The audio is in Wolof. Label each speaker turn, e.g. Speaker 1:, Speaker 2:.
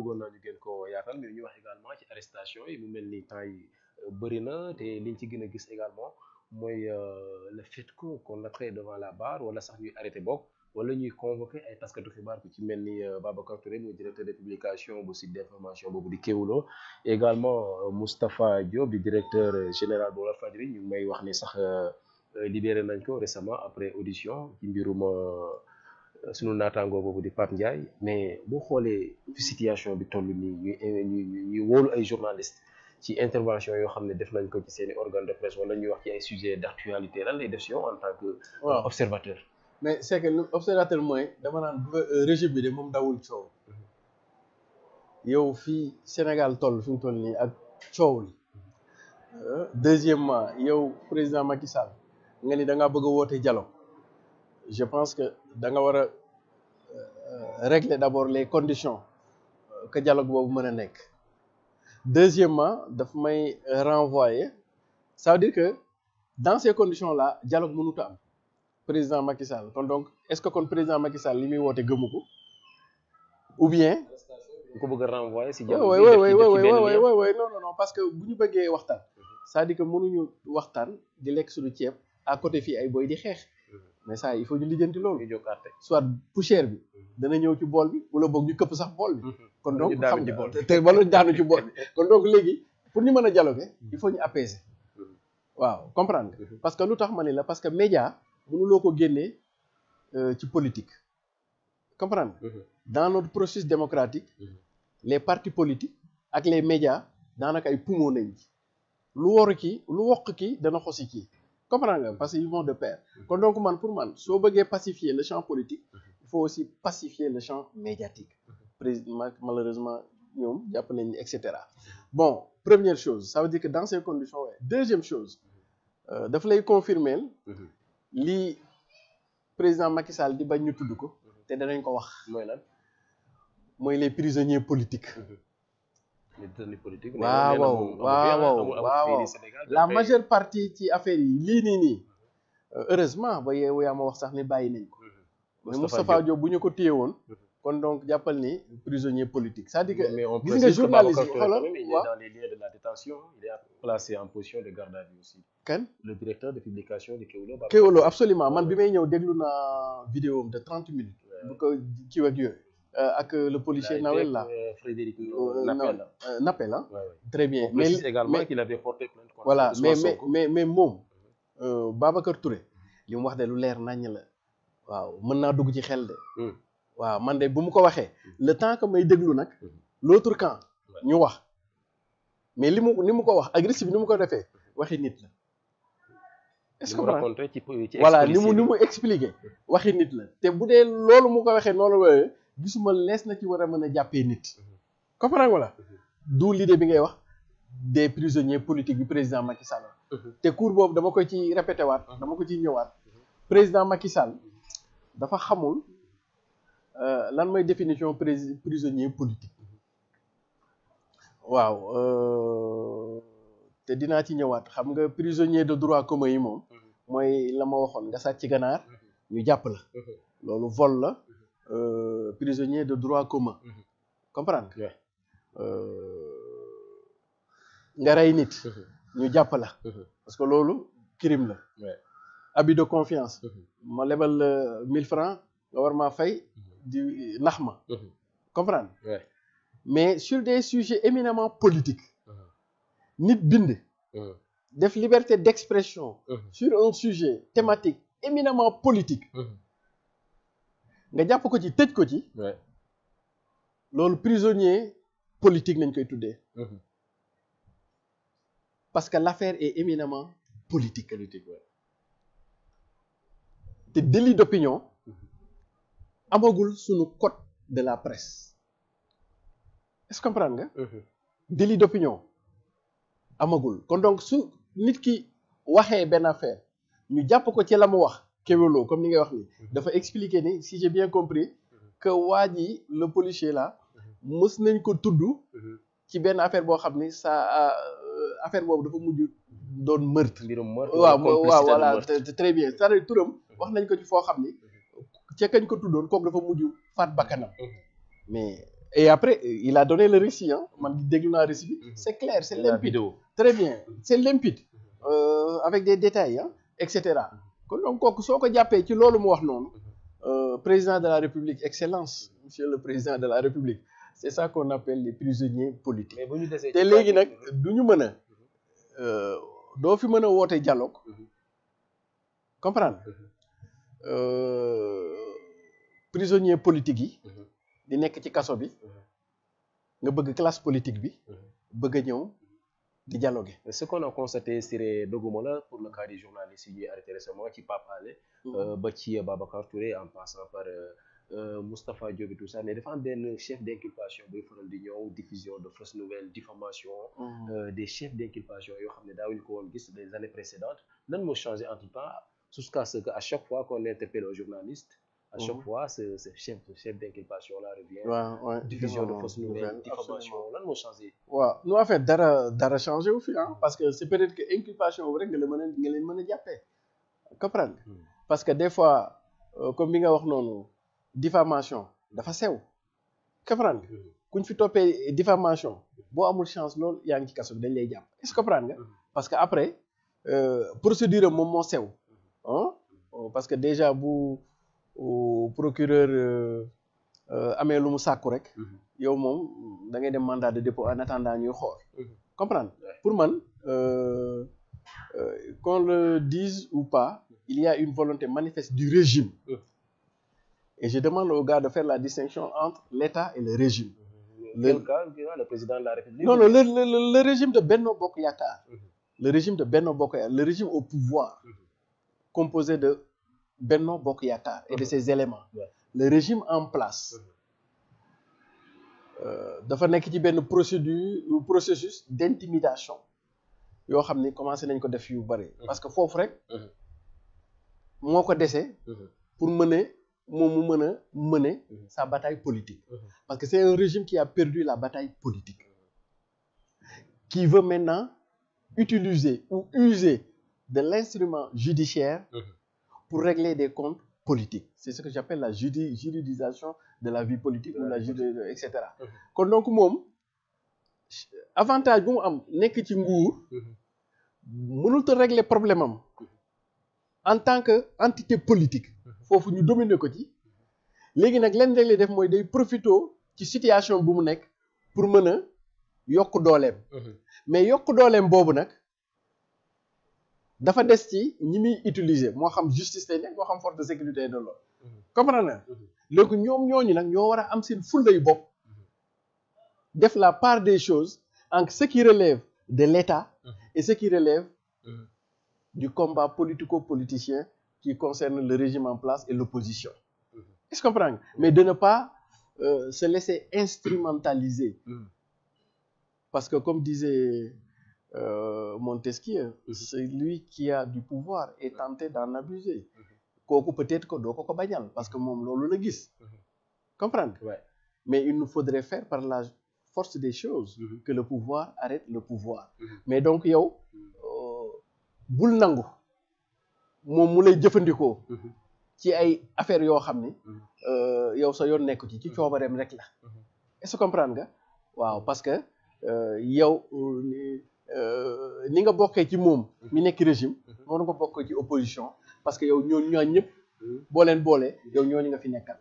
Speaker 1: bëggoon naa ñu gën ko yaatal mais ñu wax également ci arrestation yi mu mel ni temps yi euh, bëri na te liñ ci gën a gis également mooy euh, le fait que qu'on attrait devant la barre wala sax ñuy arrêté bokk wala ñuy convoqué ay taskatu xibaar ku ci mel ni euh, Babacar Touré muy directeur de publication bu site d'information boobu di Kewoulo également Moustapha Diop di directeur général bu Walfadjri ñu may wax ni sax libéré nañ ko récemment après audition sunu naataangoo boobu di Pape Ndiaye mais boo xoolee fi situation bi toll nii ñuy ñuy ñuy ay journalistes ci intervention yoo xam ne def nañ ko ci seen i organe de presse wala ñuy wax ci ay sujets d'actualité lan lay def si yow en tant que. waaw observateur.
Speaker 2: mais c'est que observateur mooy dama naan euh, régime bi de moom dawul coow. Mm-hmm. yow fii Sénégal toll fi mu toll nii ak coow li. Euh, deuxièmement yow président Macky nga ni da ngaa bëgg a woote dialogue. je pense que da nga war a euh, régler d'abord les conditions euh, que dialogue boobu mën a nekk deuxièmement dafa may renvoyer ça veut dire que dans ces conditions là dialogue mënut am président Macky kon donc est-ce que kon président Macky Sall li muy woote gëmu ko ou bien. ko bëgg a renvoyer si dialogue bi oui oui oui non non parce que bu ñu bëggee waxtaan. c'est-à-dire que mënuñu waxtaan di lekk suñu ceeb a côté fii ay boy di xeex. Mm. mais saa yi il faut ñu lijjanti loolu. ñu jokkaate soit poussière bi. Mm. dana ñëw ci bool bi wala boog ñu këpp sax bool bi. Mm-hmm. kon donc xam nga te wala daanu ci bool bi. kon donc léegi pour ñu mën a dialoguer mm. il faut ñu apaiser. waaw comprendre mm-hmm. parce que lu tax ma ne la parce que média loo ko génnee euh, ci politique. comprendre mm-hmm. dans notre processus démocratique. les partis politiques ak les médias daanaka ay poumon nañ ci. lu waru kii lu wokk kii dana xosi ki comprendre nga parce que ils vont de pair kon donc man pour man soo bëggee pacifier le champ politique il faut aussi pacifier le champ médiatique président malheureusement ñoom jàpp nañ ni et cetera bon première chose ça veut dire que dans ces conditions deuxième chose euh, daf lay confirmer li président Macky Sall di bañ ñu tudd ko te danañ ko wax mooy lan mooy les prisonniers politiques waaw waaw waaw la majeure partie ci affaire yi lii nii nii heureusement ba yeewu yaa ma wax sax ni bàyyi nañ ko mhm. mais Moustapha Diop bu ñu ko téye woon mhm. kon donc jàppal ni prisonnier politique c'est-à-dire que gis nga journaliste yi xoolal
Speaker 1: waaw la détention il est placé en
Speaker 2: le directeur de publication de Kewoulo Kewoulo absolument man bi may ñëw déglu naa vidéo de trente minutes bu ko ci wek yooyu Euh, ak euh, le policier Nawel la euh, Frédéric Nappel ah très bien mais également qu'il
Speaker 1: avait porté plainte contre voilà mais
Speaker 2: mais mais moom Babacar Touré li mu wax de lu leer naññ la waaw mën naa dugg ci xel de hmm. waaw man de bu mu ko waxee hmm. le temps que may déglu nag hmm. l'autre camp ñu wax mais li mu ni mu ko wax agressif ni mu ko defee waxi nit la est-ce que voilà ni mu ni mu expliqué waxi nit la te bu dee loolu mu ko waxee noonu gisuma lees na ci war a mën a jàppee nit. Mhm. comprendre wala mhm. du l'idée bi ngay wax des prisonniers politique bi président Macky Sall. Mhm. te cour boobu dama koy ci répété waat. dama ko ciy ñëwaat. président Macky Sall dafa xamul euh, lan mooy définition prisonnier politique. waaw euh, te dinaa ci ñëwaat xam nga prisonnier de droit commun yi moom. mooy la ma waxoon nga sàcc ganaar ñu jàpp la. loolu vol la. Euh, prisonniers de droit commun. Mhm. comprendre euh, nga rey nit. Mhm. ñu jàpp la. Mhm. parce que loolu crime la. abus de confiance. ma lebal euh, mille francs nga war maa fay di nax ma. comprendre mais sur des sujets éminemment politiques. nit bind. def liberté d'expression. sur un sujet thématique éminemment politique. nga jàpp ko ci tëj ko ci. loolu prisonnier politique lañ koy tuddee. Mhm. parce que l'affaire et éminement politique. politique ouais. te délit d'opinion mhm. amagul suñu code de la presse est-ce que comprendre nga. Mhm. délit d'opinion amagul kon donc su nit ki waxee benn affaire ñu jàpp ko ci la mu wax. Kewelo comme ni ngay wax ni mhm. dafa expliquer ni si j'ai bien compris mhm. que waa ji le policier la mhm. mës nañ ko tudd ci benn affaire boo xam ni ça euh, affaire boobu dafa mujj doon meurtre waaw waaw voilà très turam wax nañ ko ci foo xam ni ca ko tuddoon kooku dafa mujj faat bakkanam mais et après il a donné le récit man déglu naa récit bi c'est clair c'est limpide très bien c'est limpide euh, avec des détails ah cetera kon donc kooku soo ko jàppee ci loolu mu wax noonu mhm. euh, président de la république excellence monsieur le président de la république c'est ça qu'on appelle les prisonniers politiques te léegi nag du ñu mën a euh, doo fi mën a woote dialogue mhm. Mhm. comprendre euh, prisonnier politique yi di nekk ci kaso bi nga bëgg classe politique bi bëgg a ñëw di dialoguer. ce qu'on a constaté Siré
Speaker 1: doguma la pour le cas des yi ñuy arrêté récemment ci Pape mm-hmm. euh, ba ci euh, Babacar Touré en passant par euh, Moustapha Diop et tout ça mais dafa am benn chef d'inculpation buy faral di ñëw diffusion de fausses nouvelles diffamation. Mm-hmm. des chefs d'inculpation yoo xam ne daawuñu ko woon gis des années précédentes lan moo changé entre temps jusqu'à ce que à chaque fois qu'on interpelle un journaliste. à chaque mm -hmm. fois ce, ce chef chef d'inculpation là
Speaker 2: en fait que c'est peut-être que inculpation boobu rek nga leen mën a nga leen mmh. parce que des fois euh, comme bi nga wax noonu diffamation dafa sew. comprendre nga mmh. ku ñu fi toppee diffamation boo amul chance loolu yaa ngi ci kaso dañ lay jàpp est-ce que comprendre nga. Mmh. parce que après euh, procédure moom moo sew. parce que déjà bu. procureur euh, euh, amee lu mu sàkku rek mhm. yow moom da ngay dem mandat de dépôt en attendant ñuy xool mhm. comprendre pour man euh, qu'on le dise ou pas il y a une volonté manifeste du régime et je demande aux gars de faire la distinction entre l'État et le régime mhm. le
Speaker 1: cas le président de la République non
Speaker 2: régime de Benno Bokk le régime de Benno Bokk le régime au pouvoir composé de Benno Bokk Yakaar et de uh-huh. ses éléments le régime en place uh-huh. euh, dafa nekk ci benn procédure processus d'intimidation yoo xam ni commencé nañ ko def yu bëri uh-huh. parce que foofu rek moo ko desee pour mener moom mu mën a mener sa bataille politique parce que c'est un régime qui a perdu la bataille politique qui veut maintenant utiliser ou user de l'instrument judiciaire pour régler des comptes politiques. C'est ce que j'appelle la juridisation de la vie politique ou la jurid etc. Mhm. kon donc moom avantage bu mu am nekk ci nguur mhm. mënul ta régler problème am en tant que entité politique mhm. foofu ñu dominer ko ci léegi nag leen rek def mooy day profito ci situation bu mu nekk pour mën a yokk dooleem mais yokk dooleem boobu nag dafa des ci ñi muy utiliser moo xam justice lay nekk moo xam force de sécurité de l'ordre comprendre na mhm. léegi ñoom ñooñu nag ñoo war a am seen fulla yu bopp mhm. def la part des choses en ce qui relève de l'État mhm. et ce qui relève du combat politico-politicien qui concerne le régime en place et l'opposition est-ce que comprendre mais de ne pas euh, se laisser instrumentaliser parce que comme disait euh, Montesquieu mhm. celui qui a du pouvoir est tenté d'en abuser mhm. kooku peut-être que doo ko ko bañal parce que mhm. moom loolu la gis comprendre mais il nous faudrait faire par la force des choses que le pouvoir arrête le pouvoir mais donc yow euh, bul nangu moom mu lay jëfandikoo ci ay affaires yoo xam ni euh, yow sa yoon nekku ci ci coobareem rek la est-ce que comprendre nga waaw parce que euh, yow Euh, ni nga bokkee ci moom mi nekk régime noonu mhm. nga bokkee ci opposition parce que yow ñooñu ñooñu ñëpp mhm. boo leen boole
Speaker 1: yow ñooñu nga fi nekkal